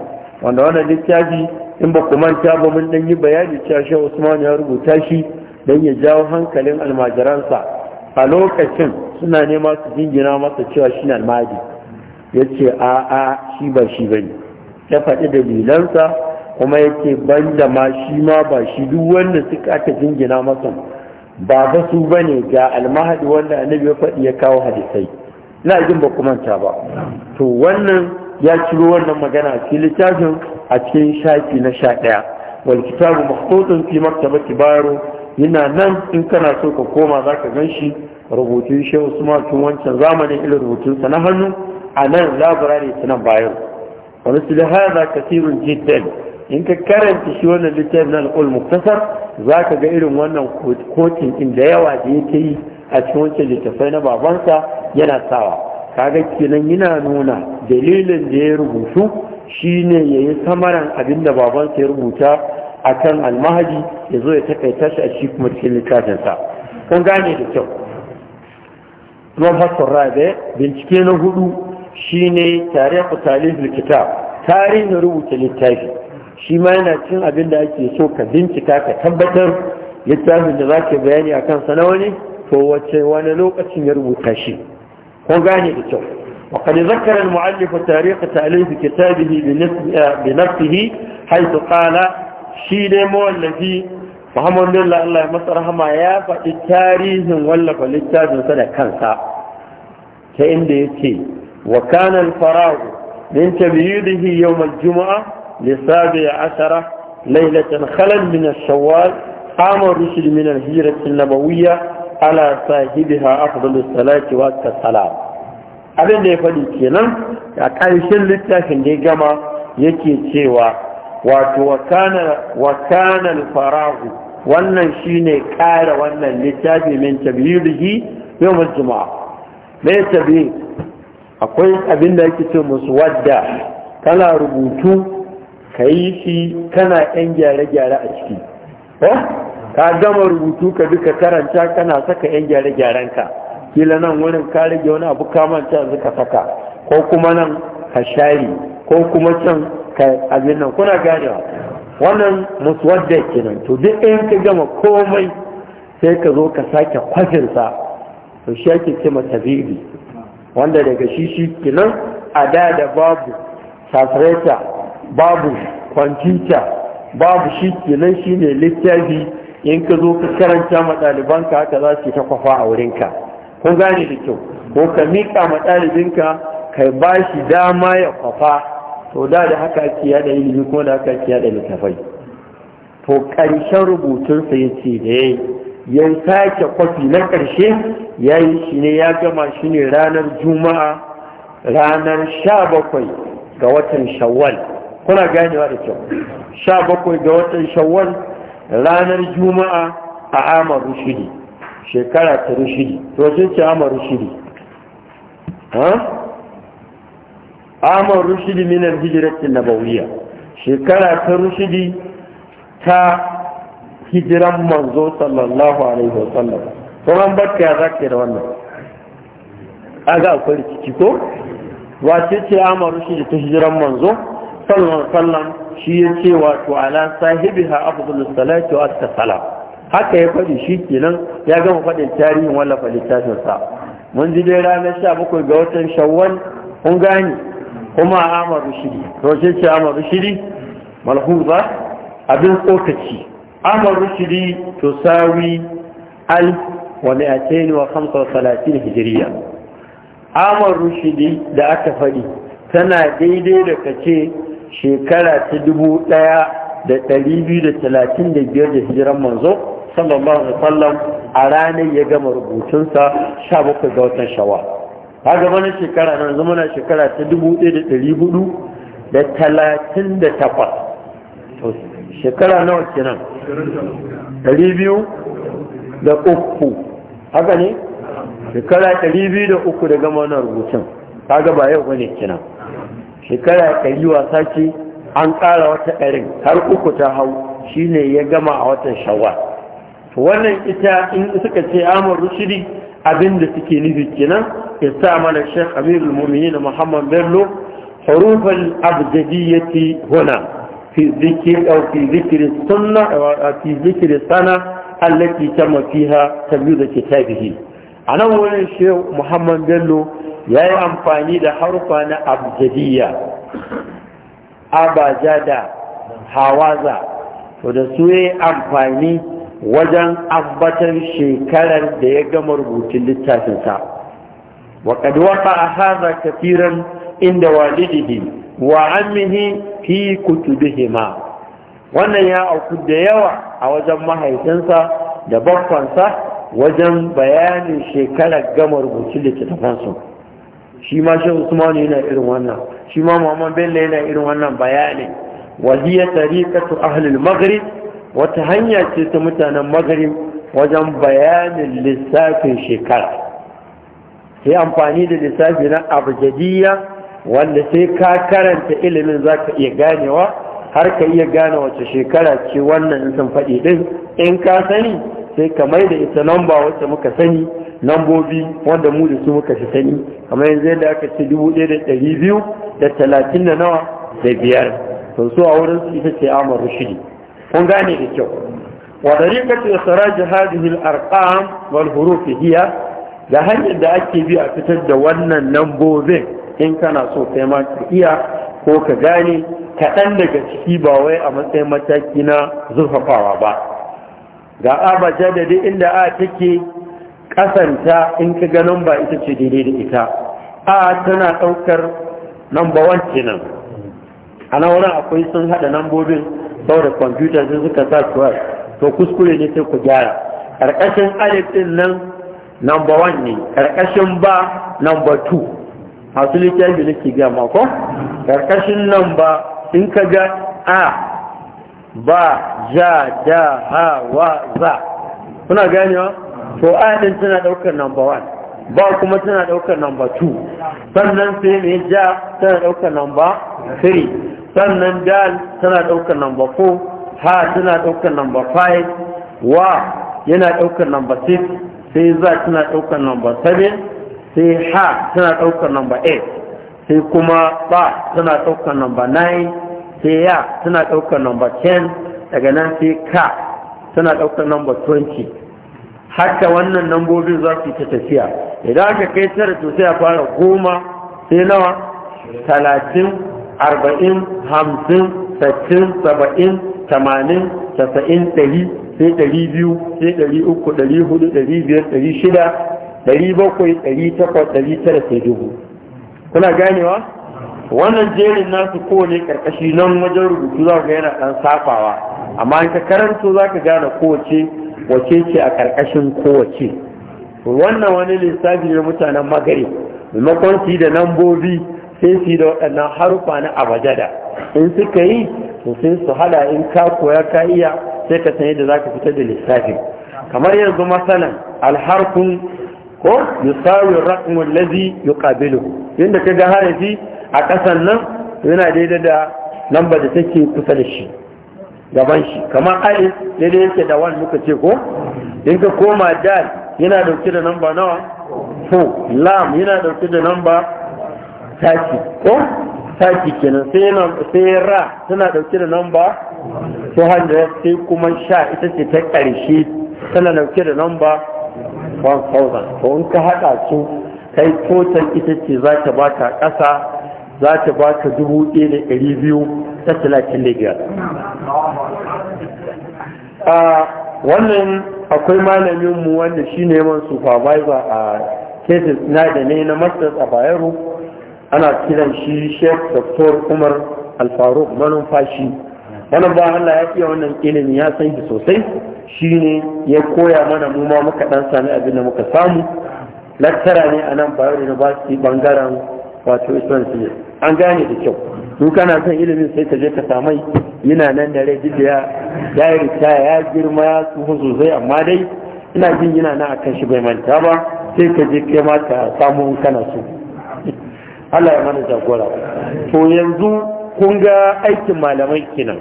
S1: wanda wannan littafi in ba ku manta ba mun dan yi bayani cewa shi Usman ya rubuta shi dan ya jawo hankalin almajiransa a lokacin suna nema su jingina masa cewa shi almahadi ya ce a a shi ba shi bane ya faɗi dalilansa kuma ya ce ban da ma shi ma ba shi duk wanda suka aka jingina masa ba ba su ne ga almahadi wanda annabi ya faɗi ya kawo hadisai ina jin ba kumanta ba to wannan ya ciro wannan magana a cikin littafin a cikin shafi na sha ɗaya wal kitabu mahfuzun fi maktabati baro yana nan in kana so ka koma za ka gan shi rubutun shi usman tun wancan zamanin ilin rubutunsa na hannu a nan labarari ta nan bayan wani su da hada kasirun in ka karanta shi wannan littafin na alƙul muktasar za ka ga irin wannan kotun da yawa da ya ta yi a cikin wancan littafai na babansa yana sawa kaga kenan yana nuna dalilin da ya rubutu shine ya yi samaran abin da babansa ya rubuta a kan almahadi ya zo ya takaita shi a shi kuma cikin littafinsa kun gane da kyau ruwan fasfar rabe bincike na hudu shine tare talibul kitab tarihin rubuta littafi shi ma yana cin abin da ake so ka bincika ka tabbatar littafin da za ka bayani a kansa na wani to wace wani lokacin ya rubuta shi ko gane da kyau وقد ذكر المؤلف تاريخ تأليف كتابه بنفسه حيث قال shi dai mawallafi muhammadu Allah Allah ya rahama ya faɗi tarihin wallafa littafinsa da kansa ta inda yake ce wa kana al-farag min tabyidihi yawm للسابع عشرة ليلة خلا من الشوال قام الرسل من الهيرة النبوية على صاحبها أفضل الصلاة وقت الصلاة abin da ya faɗi kenan a ƙarshen littafin da ya gama yake cewa wato wakanan farahu wannan shine ƙara wannan littafi min tabirihi yau juma'a mai tabiri akwai abin da yake ce musu wadda kana rubutu ka yi shi kana yan gyare-gyare a ciki ka gama rubutu ka duka karanta kana saka yan gyare-gyaren ka kila nan wurin ka rage wani abu kamanta yanzu ka saka ko kuma nan ka share ko kuma can ka abin nan kuna ganewa wannan muswadda kenan to duk in ka gama komai sai ka zo ka sake kwafinsa to shi ake ce matabiri wanda daga shi shi kenan a da da babu sasareta babu kwamfuta babu shi kenan shi ne littafi in ka zo ka karanta ma ɗalibanka haka za su ta kwafa a wurinka Ko gane da kyau ko ka miƙa ma ɗalibinka kai ba shi dama ya kwafa to da da haka ake yada ilimi kuma da haka ake yada littafai to ƙarshen rubutunsa ya ce da yayi ya sake kwafi na ƙarshe ya yi shi ne ya gama shi ne ranar juma'a ranar sha bakwai ga watan shawwal kuna ganewa da kyau sha bakwai ga watan shawwal ranar juma'a a amar rushidi shekara ta rushidi to sun ce amar rushidi ha amar rushidi minan hijiratin nabawiyya shekara ta rushidi ta hijiran manzo sallallahu alaihi wasallam kuma an barka ya zaka da wannan aga akwai rikici ko wace ce amar rushidi ta hijiran manzo sallallahu wasallam shi ya ce wato ala sahibiha afdalus salati wa as-salam haka ya faɗi shi kenan ya gama faɗin tarihin wallafa littafin sa mun ji dai ranar 17 ga watan shawwal kun gani kuma Ahmad Rushidi to shi ce Ahmad Rushidi malhuza abin tsokaci Ahmad Rushidi to sawi al wa mi'atain wa 35 hijriya Ahmad Rushidi da aka faɗi tana daidai da kace shekara ta dubu ɗaya da ɗari biyu da talatin da biyar da hijiran manzo sallallahu alaihi wasallam a ranar ya gama rubutunsa sha bakwai ga watan shawa ta gaba na shekara nan zama na shekara ta dubu ɗaya da ɗari hudu da talatin da takwas shekara nawa kenan ɗari biyu da uku haka ne shekara ɗari biyu da uku da gama wannan rubutun ta gaba yau ne kenan shekara ɗari wasa ce an ƙara wata ɗarin har uku ta hau shine ya gama a watan shawa wannan ita in suka ce amur rushidi abinda suke nufi kenan ya sa mana shek amirul muminin muhammad bello hurufan abjadiyyati huna fi zikir aw fi zikr sunna fi zikr sana allati tamma fiha tabyu da kitabihi anan wannan shek muhammad bello ya yi amfani da harfa na Abaja, da hawaza to da su yi amfani wajen abbatar shekarar da ya gama rubutun littafinsa wa kad waqa hadha katiran inda walidihi wa ammihi fi kutubihima wannan ya auku da yawa a wajen mahaifinsa da baffansa wajen bayanin shekarar gama rubutun littafansu shi ma shi usmanu yana irin wannan shi ma muhammad bello yana irin wannan bayanin wahiya tariqatu ahlul maghrib wata hanya ce ta mutanen maghrib wajen bayanin lissafin shekara sai amfani da lissafi na abjadiyya wanda sai ka karanta ilimin zaka iya ganewa har ka iya gane wace shekara ce wannan in sun faɗi ɗin in ka sani sai ka mai da ita lamba wacce muka sani lambobi wanda mu da su muka fi sani kamar yanzu yadda aka ce dubu ɗaya da ɗari biyu da talatin da nawa da biyar to su a wurin su ita ce amar rushidi kun gane da kyau wa dariqatu da saraji al-arqam wal huruf hiya da hanyar da ake bi a fitar da wannan lambobin in kana so kai ma ka iya ko ka gane kaɗan daga ciki ba wai a matsayin mataki na zurfafawa ba ga abaja da duk inda a take kasanta in ka ga namba ita ce daidai da ita a tana ɗaukar number wan kenan a na wurin akwai sun haɗa nambobin saboda kwamfuta sun suka sa suwar, to kuskure ne sai ku gyara ƙarƙashin alif ɗin nan number wan ne ƙarƙashin ba namba two masu littafi nake ga mako ƙarƙashin namba in ka ga a ba ja da ha wa za kuna ganewa to aya tana ɗaukar number one ba kuma tana ɗaukar number two sannan sai mai ja tana ɗaukar number three sannan dal tana ɗaukar number four ha tana ɗaukar number five wa yana ɗaukar number six sai za tana ɗaukar number seven sai ha tana ɗaukar number eight sai kuma ba tana ɗaukar number nine sai ya tana ɗaukar number ten daga nan sai ka tana ɗaukar number twenty haka wannan nambobin za su ta tafiya idan aka kai tara to sai a fara goma sai nawa talatin arba'in hamsin sattin saba'in tamanin tasa'in ɗari sai ɗari biyu sai ɗari uku ɗari hudu ɗari biyar ɗari shida ɗari bakwai ɗari takwas ɗari tara sai dubu kuna ganewa wannan jerin nasu kowane ƙarƙashi nan wajen rubutu za ga yana ɗan safawa amma in ka karanto za ka gane kowace wace ce a karkashin kowace wannan wani lissafi ne mutanen magari maimakon su yi da nambobi sai su yi da waɗannan harufa na abajada in suka yi to sai su hada in ka koya ka iya sai ka san da za ka fitar da lissafi kamar yanzu masalan alharkun ko yusawi raqmu allazi yuqabiluhu inda ka ga harafi a ƙasan nan yana daidai da lambar da take kusa da shi gaban shi kamar alif daidai yake da wan muka ce ko in ka koma dal yana dauke da namba nawa fo lam yana dauke da namba taki ko taki kenan sai yana sai ra tana dauke da namba 200 sai kuma sha ita ce ta karshe tana dauke da namba 1000 to in ka hada su kai total ita ce za ta baka kasa za ta baka dubu ɗaya da ɗari biyu ta talatin wannan akwai mu wanda shi neman supervisor a cases na da ne na masters a bayero ana kiran shi chef dr umar alfaruk manumfashi wannan ba Allah ya iya wannan ilimi ya san shi sosai shi ne ya koya mana mu ma muka dan sami abin da muka samu lattara ne a nan bayero university bangaren wato islam an gane da kyau in kana son ilimin sai ka je ka samai yana nan da rai ya yi rita ya girma ya tsufa sosai amma dai ina jin yana nan akan shi bai manta ba sai ka je kai ma ka samu kana so Allah ya mana jagora to yanzu kun ga aikin malamai kenan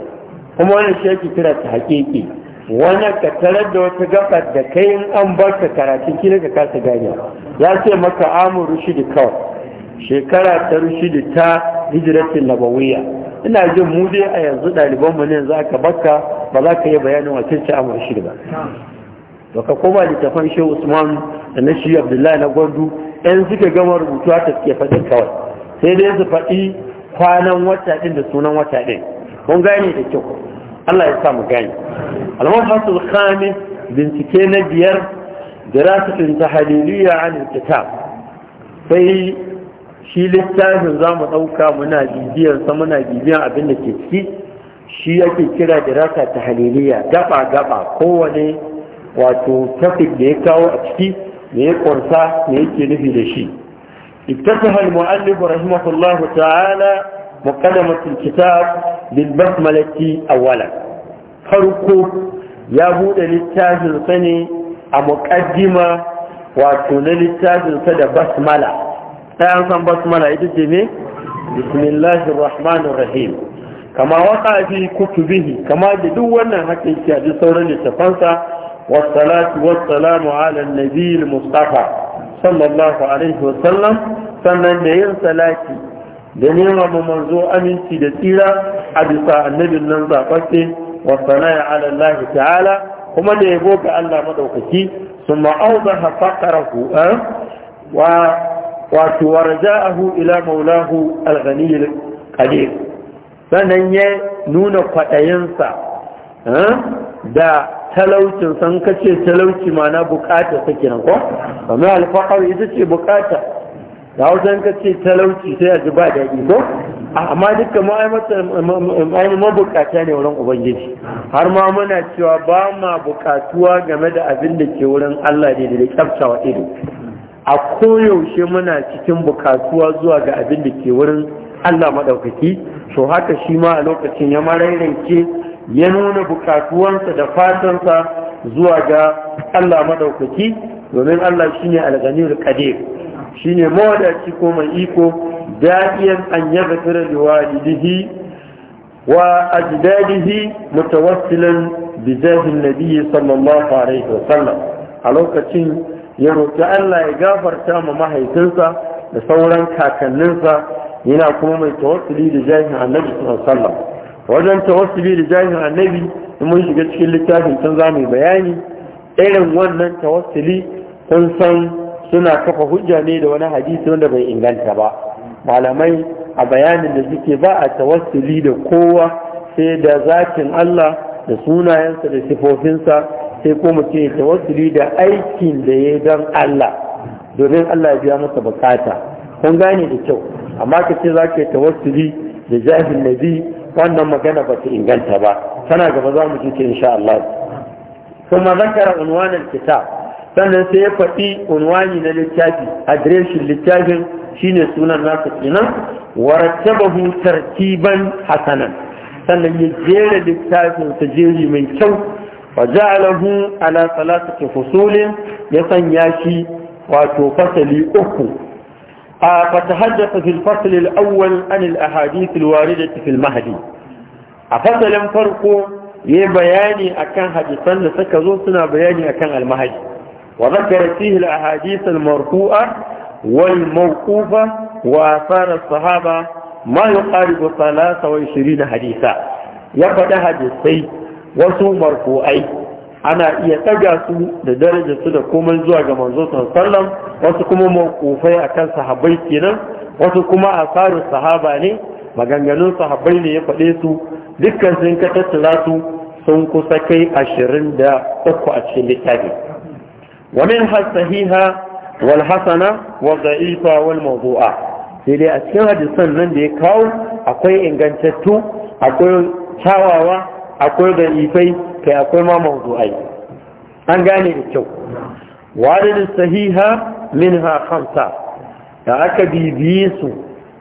S1: kuma wannan shi yake kira ta hakiki wannan ka tarar da wata gabar da kai in an baka karatu kila ka kasa gane ya ce maka amuru shi da kawai shekara ta da ta hijiratin nabawiyya ina jin mu dai a yanzu ɗaliban mu ne za ka bakka ba za ka yi bayanin ce a shi ba to ka koma littafan shehu usman da na shi abdullahi na gwandu yan suke gama rubutuwa ta suke faɗi kawai sai dai su faɗi kwanan wata ɗin da sunan wata ɗin kun gane da kyau Allah ya sa mu gane alman fasul khamis bincike na biyar dirasatin tahaliliya an kitab sai shi littafin za mu ɗauka muna bibiyarsa muna bibiyan abin da ke ciki shi yake kira da raka ta haliliya gaba gaba kowane wato tafik da ya kawo a ciki me ya ƙunsa me yake nufi da shi افتتح المؤلف rahimahullah الله تعالى مقدمة الكتاب بالبسملة أولا فرقه ya buɗe littafinsa ne a muƙaddima wato na littafinsa da basmala ɗayan san basmala ita ce me bismillahir rahmanir rahim kama waka fi kutubihi kama da duk wannan haka yake a sauran littafansa wassalatu wassalamu ala nabiyil mustafa sallallahu alaihi wasallam sannan da yin salati da nema mu manzo aminci da tsira a bisa annabin nan zafaffe wassanaya ala Allah ta'ala kuma da yabo ga Allah madaukaki summa awdaha faqrahu eh? wa wato wa raja'ahu ila maulahu al-ghani qadir sanan ya nuna kwaɗayinsa eh, da talaucin san kace talauci mana bukata take nan ko amma al-faqr ita ce bukata da wajen kace talauci sai a ji ba daɗi ko amma duka mu bukata ne wurin ubangiji har ma muna cewa ba ma bukatuwa game da abin da ke wurin allah ne da ya wa ido a koyaushe muna cikin bukatuwa zuwa ga abin da ke wurin Allah maɗaukaki to haka shi ma a lokacin ya marairance ya nuna bukatuwansa da fatansa zuwa ga Allah maɗaukaki domin Allah shi shine alganiyar shi ne mawadaci ko mai iko da'iyan an yaga da liwalidihi wa ajdadihi mutawassilan bi zahin nabiyyi sallallahu alaihi wa sallam a lokacin ya roƙi Allah ya gafarta ma mahaifinsa da sauran kakanninsa yana kuma mai tawassuli da jahin annabi sallallahu wajen tawassuli da jahin annabi in mun shiga cikin littafin tun za mu bayani irin wannan tawassuli sun san suna kafa hujja ne da wani hadisi wanda bai inganta ba malamai a bayanin da suke ba a tawassuli da kowa sai da zakin Allah da sunayensa da sifofinsa sai ko mutum ya tawassuli da aikin da ya don Allah domin Allah ya biya masa bukata kun gane da kyau amma ka ce za ka yi tawassuli da jahil nabi wannan magana ba ta inganta ba tana gaba za mu ji insha Allah kuma zakara unwanan kitab sannan sai ya faɗi unwani na littafi adireshin littafin shine sunan nasa kenan warattabahu tartiban hasanan sannan ya jera littafin sa jeri mai kyau wa ja'alahu ala salatati fusulin ya sanya shi wato fasali uku a fatahaddatha fil fasl al awwal an al ahadith al waridati fil mahdi a fasalin farko ya bayani akan hadisan da suka zo suna bayani akan al mahdi wa zakara fihi al ahadith al marfu'a wal mawqufa wa athar as sahaba ma yuqaribu 23 hadisa ya faɗi hadisai wasu marfu'ai ana iya ɗaga su da daraja su da komai zuwa ga manzo sallam wasu kuma mawqufai akan sahabbai kenan wasu kuma asaru sahaba ne maganganun sahabbai ne ya faɗe su dukkan sun ka tattara su sun kusa kai ashirin da uku a cikin littafi wa min hasahiha wal hasana wa da'ifa wal mawdu'a sai dai a cikin hadisan nan da ya kawo akwai ingantattu akwai kyawawa akwai da ifai kai akwai ma mawdu'ai an gane da kyau wadda sahiha minha khamsa da aka bibiye su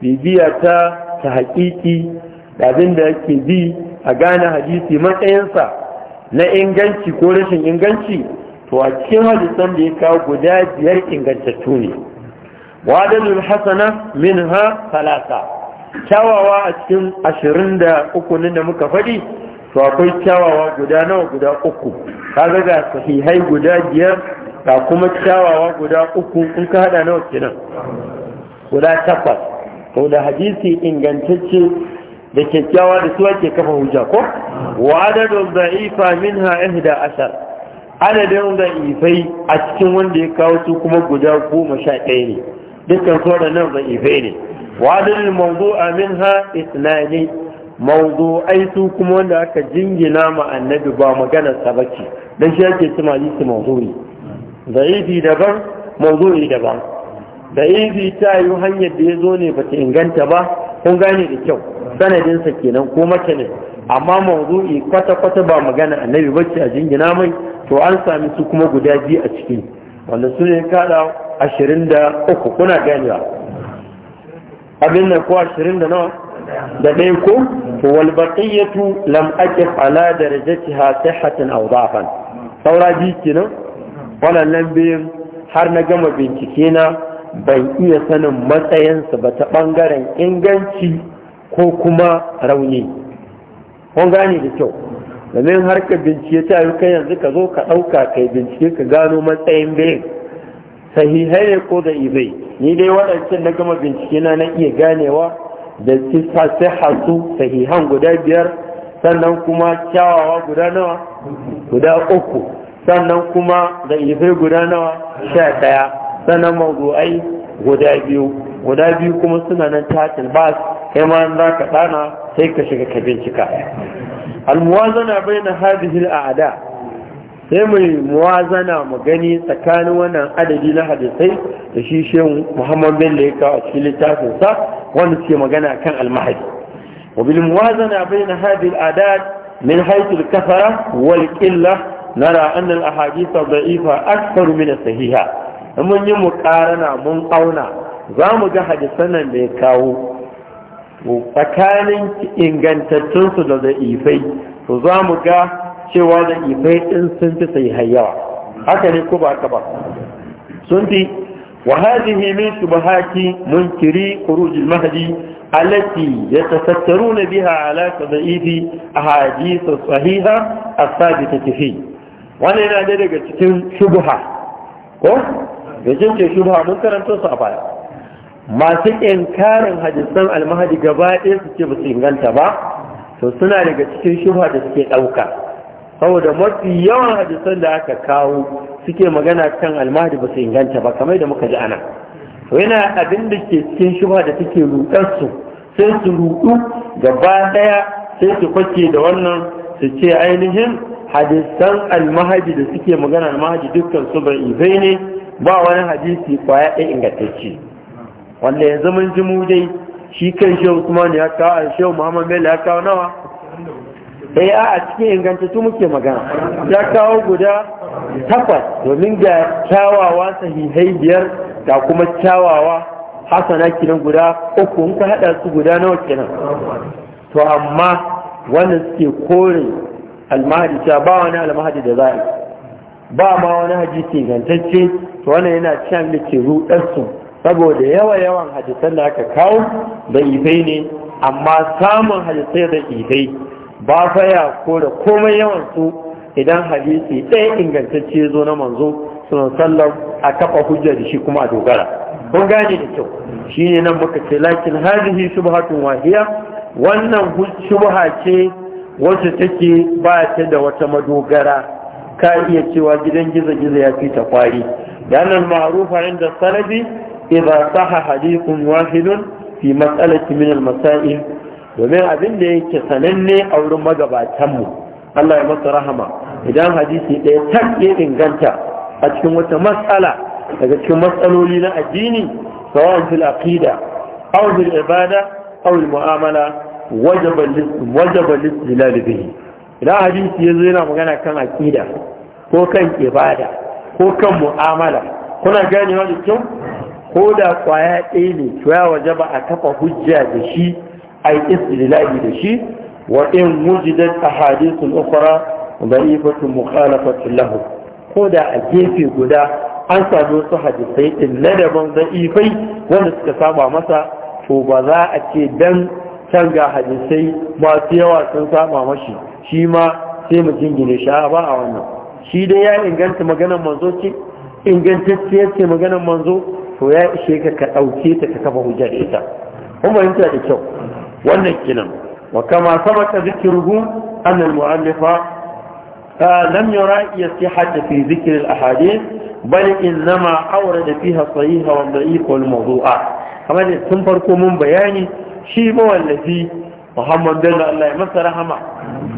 S1: bibiya ta ta haƙiƙi da abin da yake bi a gane hadisi matsayinsa na inganci ko rashin inganci to a cikin hadisan da ya kawo guda biyar ingantattu ne wadalul hasana minha talata kyawawa a cikin ashirin da ukunin da muka faɗi to akwai kyawawa guda nawa guda uku kaga ga sahihai guda biyar ga kuma kyawawa guda uku in ka hada nawa kenan guda takwas to da hadisi ingantacce da kyakkyawa da suwa ke kafa hujja ko wa adadun da'ifa minha ihda ashar adadin da'ifai a cikin wanda ya kawo su kuma guda goma sha ɗaya ne dukkan su waɗannan da'ifai ne wa adadun mawdu'a minha isnani mawuzo ai su kuma wanda aka jingina ma annabi ba magana sabaki bace dan shi ake cima hadisi Da da'ifi daban mawdu'i daban da'ifi ta yi hanyar da ya zo ne bata inganta ba kun gane da kyau sanadinsa kenan ko mace ne amma yi kwata-kwata ba magana annabi ce a jingina mai to an sami su kuma guda biyu a cikin wanda su ne kaɗa ashirin da uku kuna ganewa abin da ko ashirin da nawa da ɗaya ko wal baqiyatu lam aqif ala darajatiha sihhatan aw dafan saura bi kenan wannan biyan har na gama bincike na ban iya sanin matsayinsa ba ta ɓangaren inganci ko kuma rauni kun gane da kyau domin harkar bincike ta yi kai yanzu ka zo ka ɗauka kai bincike ka gano matsayin biyan sahihai ne ko da izai ni dai waɗancan na gama bincike na na iya ganewa da sifa su sahihan guda biyar sannan kuma kyawawa guda nawa guda uku sannan kuma da ilfai guda nawa sha ɗaya sannan mawdu'ai guda biyu guda biyu kuma suna nan tatin bas kai ma za ka tsana? sai ka shiga ka bincika almuwazana bai na hadihil ada. sai mai muwazana mu gani tsakanin wannan adadi na hadisai da shi shehu muhammad bello ya kawo a cikin littafin sa wanda suke magana kan almahadi wa bil muwazana bai hadhihi al-adad min haythu al-kathara wal qilla nara anna al-ahadith da'ifa akthar min as-sahiha mun yi mu muqarana mun auna za mu ga hadisan nan da ya kawo tsakanin ingantattunsu da da'ifai to za mu ga cewa da ifai din sun fi sai hayyawa haka ne ko ba haka ba sun fi munkiri khuruj al-mahdi allati yatasattaruna biha ala tadhiifi ahadith sahiha as wani yana da daga cikin shubha ko da cikin shubha mun karanta su a baya masu inkarin hadisan al-mahdi gaba ɗaya su ce ba su inganta ba to suna daga cikin shubha da suke ɗauka saboda mafi yawan hadisan da aka kawo suke magana kan almahdi ba su inganta ba kamar da muka ji ana to yana abin da ke cikin shuba da take rudar su sai su rudu gaba daya sai su kwace da wannan su ce ainihin hadisan almahadi da suke magana almahdi dukkan su bai ibai ne ba wani hadisi kwaya ɗaya ingantacce wanda ya zama jimu dai shi kan shehu usman ya kawo shehu muhammad bello ya kawo nawa Ɗaya eh, a a cikin ingantattu muke magana ya kawo guda takwas domin ga kyawawa sahihai biyar da kuma kyawawa hasana kinan guda uku in ka hada su guda nawa kenan to amma wannan suke kore almahadi cewa ba wani almahadi da za ba ma wani hadisi ingantacce to wannan yana can da ke rudarsu saboda yawa yawan hadisan da aka kawo da ibai ne amma samun hadisai da ibai ba fa ya da komai yawan su idan hadisi ɗaya ingantacce zo na manzo sunan sallar a kafa hujja da shi kuma a dogara kun gane da kyau Shi ne nan muka ce lakin hadhihi subhatun wahiya wannan shubha ce wacce take ba ta da wata madogara ka iya cewa gidan gizo-gizo ya fi ta kwari yanar ma'arufa inda sanadi idan saha hadithun wahidun fi mas'alati min al-masail domin abin da yake sananne a wurin magabatanmu Allah ya masa rahama idan hadisi ɗaya tak ya inganta a cikin wata matsala daga cikin matsaloli na addini sawan fil aqida aw bil ibada aw al mu'amala wajaba wajaba lil idan hadisi yazo yana magana kan aqida ko kan ibada ko kan mu'amala kuna ganewa da kyau ko da kwaya ɗaya ne to ya wajaba a kafa hujja da shi ai istidlali da shi wa in wujidat ahadithun ukhra da'ifatun lahu ko da a gefe guda an samu su hadisai din na daban zaifai wanda suka saba masa to ba za a ce dan can ga hadisai masu yawa sun saba mashi shi ma sai mu jingine shi ba a wannan shi dai ya inganta maganar manzo ce ingantacciyar ce maganar manzo to ya ishe ka ka ɗauke ta ka kafa hujjar ita kuma ta da kyau wannan kinan wa kama sama ka zikirhu annal mu'allifa fa lam yara iya sihhata fi zikr al ahadith bal innama awrada fiha sahiha wa dha'ifa al mawdu'a kama ne tun farko mun bayani shi mawallafi. wallafi Muhammad dan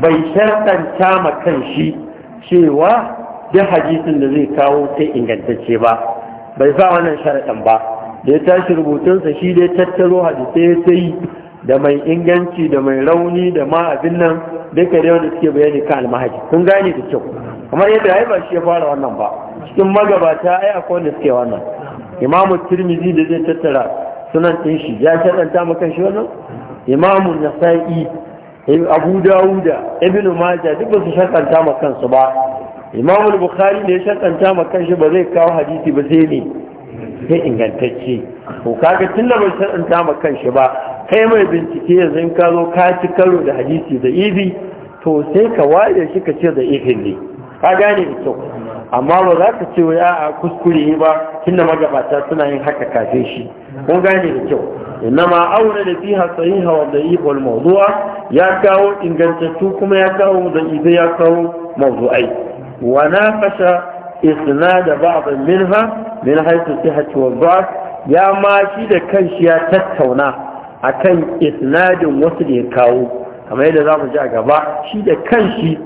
S1: bai sharɗan tama kan shi cewa da hadisin da zai kawo ta ingantacce ba bai sa wannan sharɗan ba da ya tashi rubutunsa shi dai tattaro hadisai sai da mai inganci da mai rauni da ma abin nan duka da wanda suke bayani kan almahaji kun gane da kyau kamar yadda ai ba shi ya fara wannan ba cikin magabata ai akwai wanda suke wannan imamu tirmizi da zai tattara sunan din shi ya shaɗanta maka shi wannan imamu nasa'i abu dawuda ibnu majah duk ba su shaɗanta maka kansu ba imamu bukhari ne ya shaɗanta maka kanshi ba zai kawo hadisi ba sai ne sai ingantacce to kaga da bai shaɗanta maka kanshi ba kai mai bincike yanzu in ka zo ka ci karo da hadisi da ibi to sai ka ware shi ka ce da ifin ne ka gane da kyau amma ba za ka ce wai a kuskure ba tunda magabata suna yin haka kafin shi kun gane da kyau inama auna da fiha sahiha wa da'ifal mawdu'a ya kawo ingantattu kuma ya kawo da'ifa ya kawo mawdu'ai wa naqasha isnad ba'd minha min haythu sihhati wa dha'f ya ma shi da kanshi ya tattauna akan isnadin wasu da ya kawo kamar yadda za mu ji a gaba shi da kanshi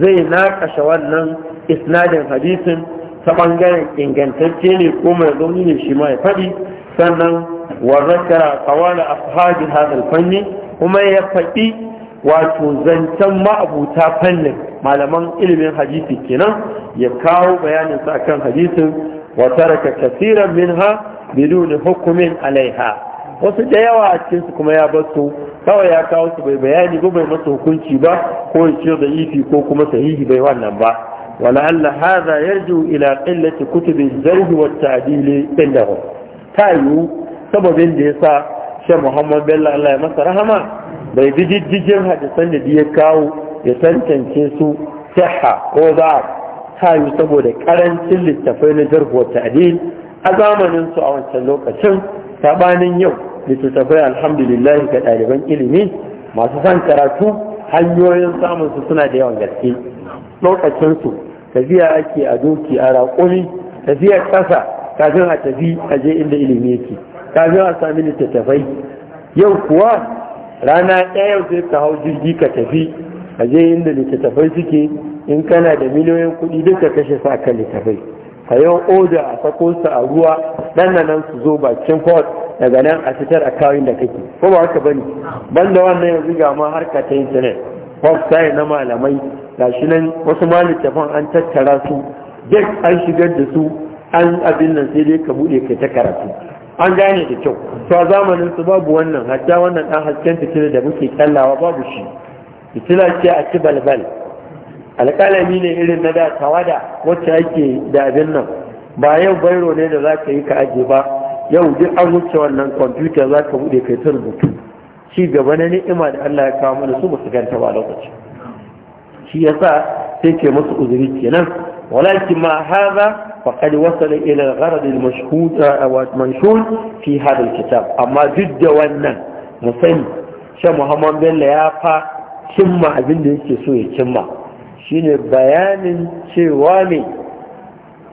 S1: zai naƙashe wannan isnadin hadisin ta ɓangaren ingantacce ne ko mai zauni ne shi ma ya faɗi sannan wa zakara da ashabi hadal fanni kuma ya faɗi wato zancen ma'abuta fannin malaman ilimin hadisi kenan ya kawo bayanin sa kan hadisin wa taraka kasiran minha bidun hukumin alaiha wasu da yawa a cikinsu kuma ya bar kawai ya kawo su bai bayani ba bai masa hukunci ba ko ya ce da ifi ko kuma sahihi bai wannan ba Wani Allah hadha yarju ila qillati kutubi zarh wa ta'dil indahu tayu sababin da yasa shi Muhammad Bello Allah ya masa rahama bai bi hadisan da ya kawo ya tantance su sahha ko ba yi saboda karancin littattafai na jarhu wa ta'dil a zamanin su a wancan lokacin sabanin yau littattafai alhamdulillah ga ɗaliban ilimi masu son karatu hanyoyin samun su suna da yawan gaske Lokacinsu, tafiya ake a doki a raƙumi tafiya ƙasa kafin a tafi a je inda ilimi yake kafin a sami littattafai yau kuwa rana ɗaya sai ka hau jirgi ka tafi a je inda littattafai suke in kana da miliyoyin kuɗi duka kashe sa kan littattafai ka yi oda a sako su a ruwa nan nan su zo bakin port daga nan a fitar a kawin da kake ko ba haka bane banda wannan yanzu ga ma harka ta internet sai na malamai shi nan wasu ma an tattara su duk an shigar da su an abin nan sai dai ka bude kai ta karatu an gane da kyau to a zamanin su babu wannan hatta wannan dan hasken fitila da muke kallawa babu shi fitila ce a ci balbal alƙalami ne irin na da tawada wacce ake da abin nan ba yau bairo ne da za ka yi ka aje ba yau duk an wuce wannan kwamfuta za ka buɗe kai ta rubutu ci gaba na ni'ima da Allah ya kawo mana su ba su ganta ba lokaci shi yasa sai ke musu uzuri kenan walakin ma haza فقد وصل إلى الغرض المشهود أو Amma duk da wannan أما جد ونن مسلم شا محمد cimma abin da yake so ya cimma. shine bayanin cewa ne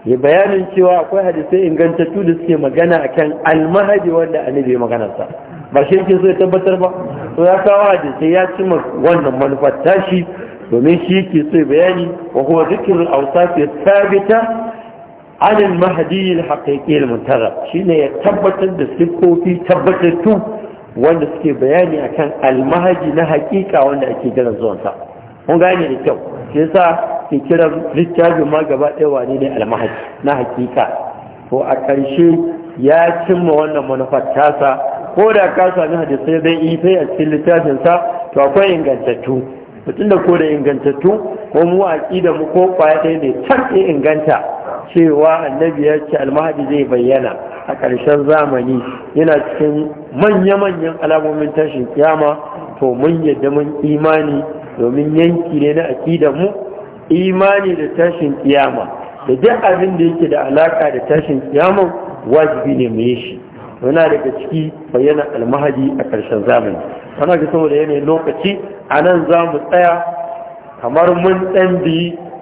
S1: ya bayanin cewa akwai hadisai ingantattu da suke magana akan almahadi wanda annabi magana sa ba shi yake so ya tabbatar ba to ya kawo hadisai ya ci wannan manufar tashi domin shi yake so ya bayani wa huwa dhikrul awsaf thabita an almahdi alhaqiqi almuntara shine ya tabbatar da sifofi tabbatattu wanda suke bayani akan almahadi na haƙiƙa wanda ake jiran zuwansa Mun gane da kyau ke sa ke kira littafin ma gaba ɗaya wani ne almahaji na hakika to a ƙarshe ya cimma wannan manufar tasa ko da ka sami hadisai zai yi fai a cikin littafinsa to akwai ingantattu mutum da ko da ingantattu ko mu a da mu ko kwaya ɗaya ne can inganta cewa annabi ya ce almahadi zai bayyana a ƙarshen zamani yana cikin manya-manyan alamomin tashin kiyama to mun yadda mun imani domin yanki ne na aƙida mu imani da tashin kiyama da duk abin da yake da alaka da tashin kiyama wajibi ne mu yi shi yana daga ciki bayyana almahadi a ƙarshen zamani ana ga saboda yanayin lokaci a nan za mu tsaya kamar mun ɗan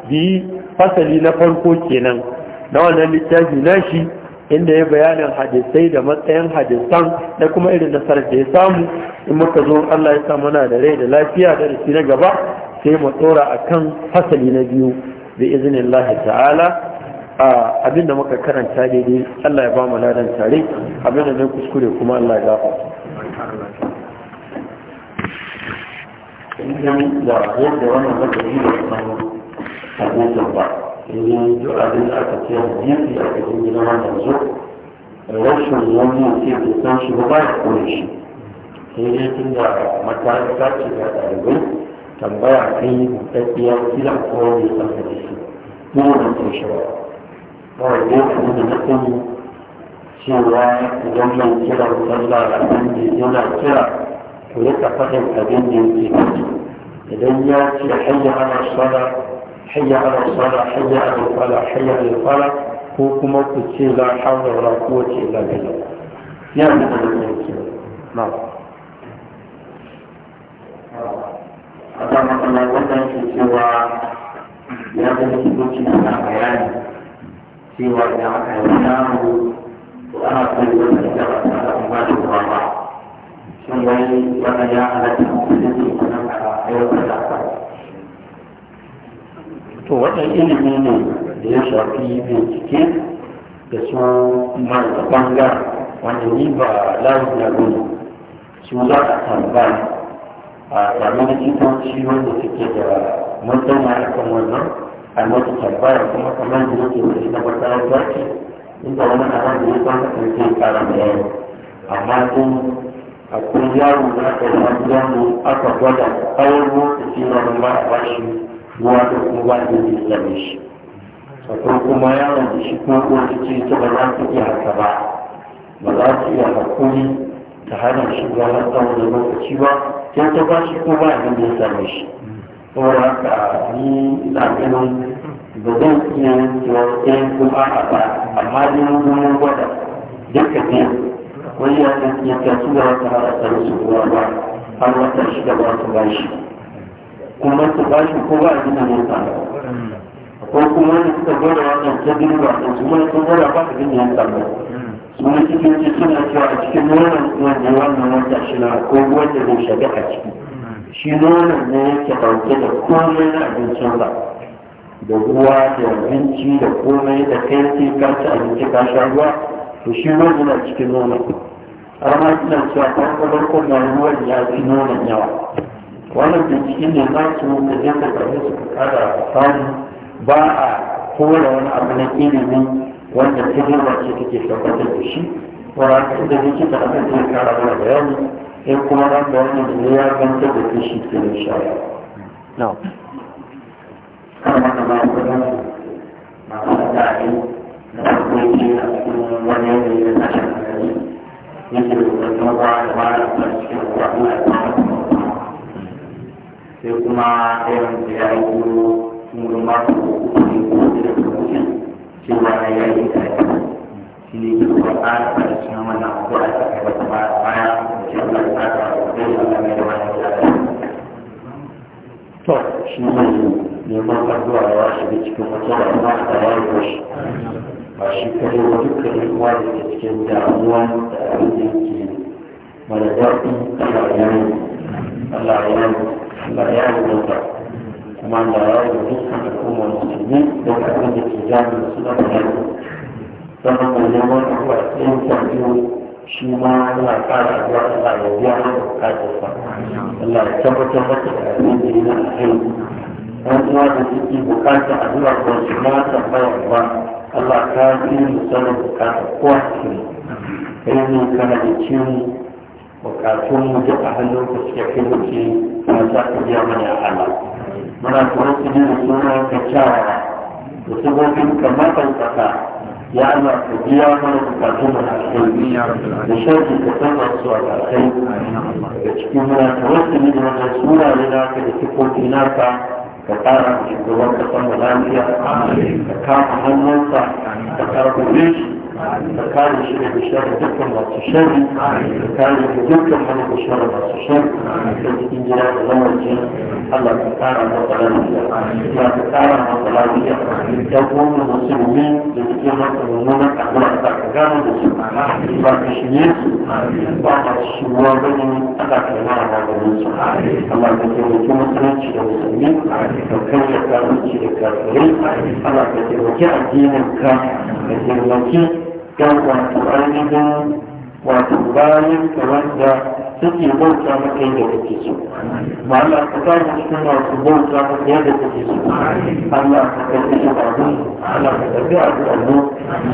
S1: biyi fasali na farko kenan na wannan littafi na shi inda ya bayanin hadisai da matsayin hadisan da kuma irin nasarar da ya samu in muka zo Allah ya samu na da rai da lafiya da rashi na gaba sai mu tsora kan fasali na biyu bi Allah ta'ala abin da muka karanta daidai Allah ya ba mu ladan tare abin da zai kuskure kuma Allah ya gafa
S2: da yadda wannan zaka yi da kuma ba idan duk abin da aka ce da yanki da aka cikin gidan wannan zo rashin wani a ce da san shi ba ba ya kone shi sai dai tun da makaranta ce da ɗalibai tambaya kai buɗaɗɗiya kila ko wani san da shi mu wannan ke shawara kawai dai abin da na sani cewa idan yan kira sallah da abin yana kira to rika faɗin abin da yake idan ya ce hayya ala sallah حي على الصلاة حي على الصلاة حي على الصلاة ko kuma ku ce la hawla wala quwwata illa billah ya mu da yake na Allah kuma wannan shi cewa ya ga cikin ana bayani cewa da aka yi namu to ana kai wannan da ba ta ba da ba shin wai wannan ya halatta da yake nan a aiwatar da to wata ilimi ne da ya shafi bincike da su mara banga wanda ni ba lafi na gudu su za a tambaya a sami likitoci wanda suke da masana a kan wannan a mata tambaya kuma kamar da yake da ita ba ta zaki inda wani abin da ya kwana kan ke kara bayani amma kun akwai yaro da aka yi yaro aka gwada tsawon lokaci wani ba a bashi da kuma ba da zai tsare shi ko kuma yawon da shi ko ko ce ta ba za ta iya haka ba ba za su iya hakuri ta hana shi ba na tsawon lokaci ba ta ta ba shi ko ba abin da ya same shi saboda haka ni ina ganin ba zan iya yankewa ɗayan ko a ba amma dai mun zama gwada duka biyu wani ya san iya tasowa ta hada tsaro su ruwa ba har wata shida ba su ba shi kuma su ba shi ko ba a gina ne ta ko kuma wanda suka gwada wannan ta girba da su mai sun gwada ba a gina ne ta ba su ne cikin ce suna cewa a cikin nonon wanda wannan wanda shi na ko wanda zai shiga a ciki shi nonon ne yake ɗauke da komai na abincin ba da ruwa da abinci da komai da kai ce ka ci abinci ka sha ruwa to shi ruwan yana cikin nonon har ma suna cewa ɗan farkon na ruwan ya fi nonon yawa wannan bincike ne za su da yadda ƙarfi su kada fani ba a kowane wani abu na ilimin wanda ta girma ce take tabbatar da shi wanda ka inda abin da ya kara wani bayani in kuma ran da wani da ya ganta da ta shi ke da sha na da na a cikin wani yanayi na yake da wani ba da da cikin sai kuma ɗayan da ya yi kuro wurin mako uku ne ko da promotion cewa na ya yi da shi ne ke kuma ƙara da shi na wannan ko a ta kai wata baya baya da shi Allah ya saka da da ya to shi ne neman addu'a ya shiga cikin wata da ba ta yawo shi ba shi kare wa da ke cikin damuwa da abin da yake mara daɗi Allah Allah ya yi Allah ya rubuta kuma Allah ya rubuta dukkan al'umma musulmi don abin da ke jami da suna da yanzu sannan mai neman abuwa yi kwanjo shi ma yana ƙara abuwa Allah ya biya masa bukatarsa Allah ya tabbatar masa da abin da yana a yanzu wani kuma da suke bukatar abuwa ba su ma tambayar ba Allah ka fi musamman bukatar kowa su ne kai ne kana da ciwo bukatun mu duk a hannun ka suke kai da za mana Allah muna su da suna ka kyawawa da sabobin kamar ɗaukaka ya Allah ka biya mana bukatun da alkhairi da shafi ka tsara su a alkhairi da cikin muna tawassuli da wannan sura ne naka da sifofi naka ka tsara shugaban kasan da lafiya ka kama hannunsa ka karɓe shi kare shi daga shari dukkan masu shari da kare shi dukkan mana shari masu shari da cikin gida da lamarci Allah ta kara masa lafiya ya ta kara masa lafiya ya kuma masu rumi da cikin masu rumi na a ta gano da su ba ta shi ne su ba ta shi ruwa a ta kai mara maganin su Allah ta ke wajen musulunci da musulmi da kan ya kasance da kafirai Allah ta ke wajen addinin ka da don wato ainihin wato bayan da wanda suke bauta maka yadda kake so ba Allah ka sa mu cikin wato bauta maka yadda kake so Allah ka karbi ibadu Allah ka karbi addu'armu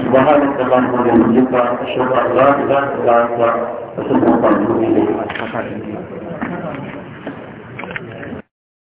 S2: subhanaka allahumma wa bihamdika ashhadu an la ilaha illa anta astaghfiruka wa atubu ilayk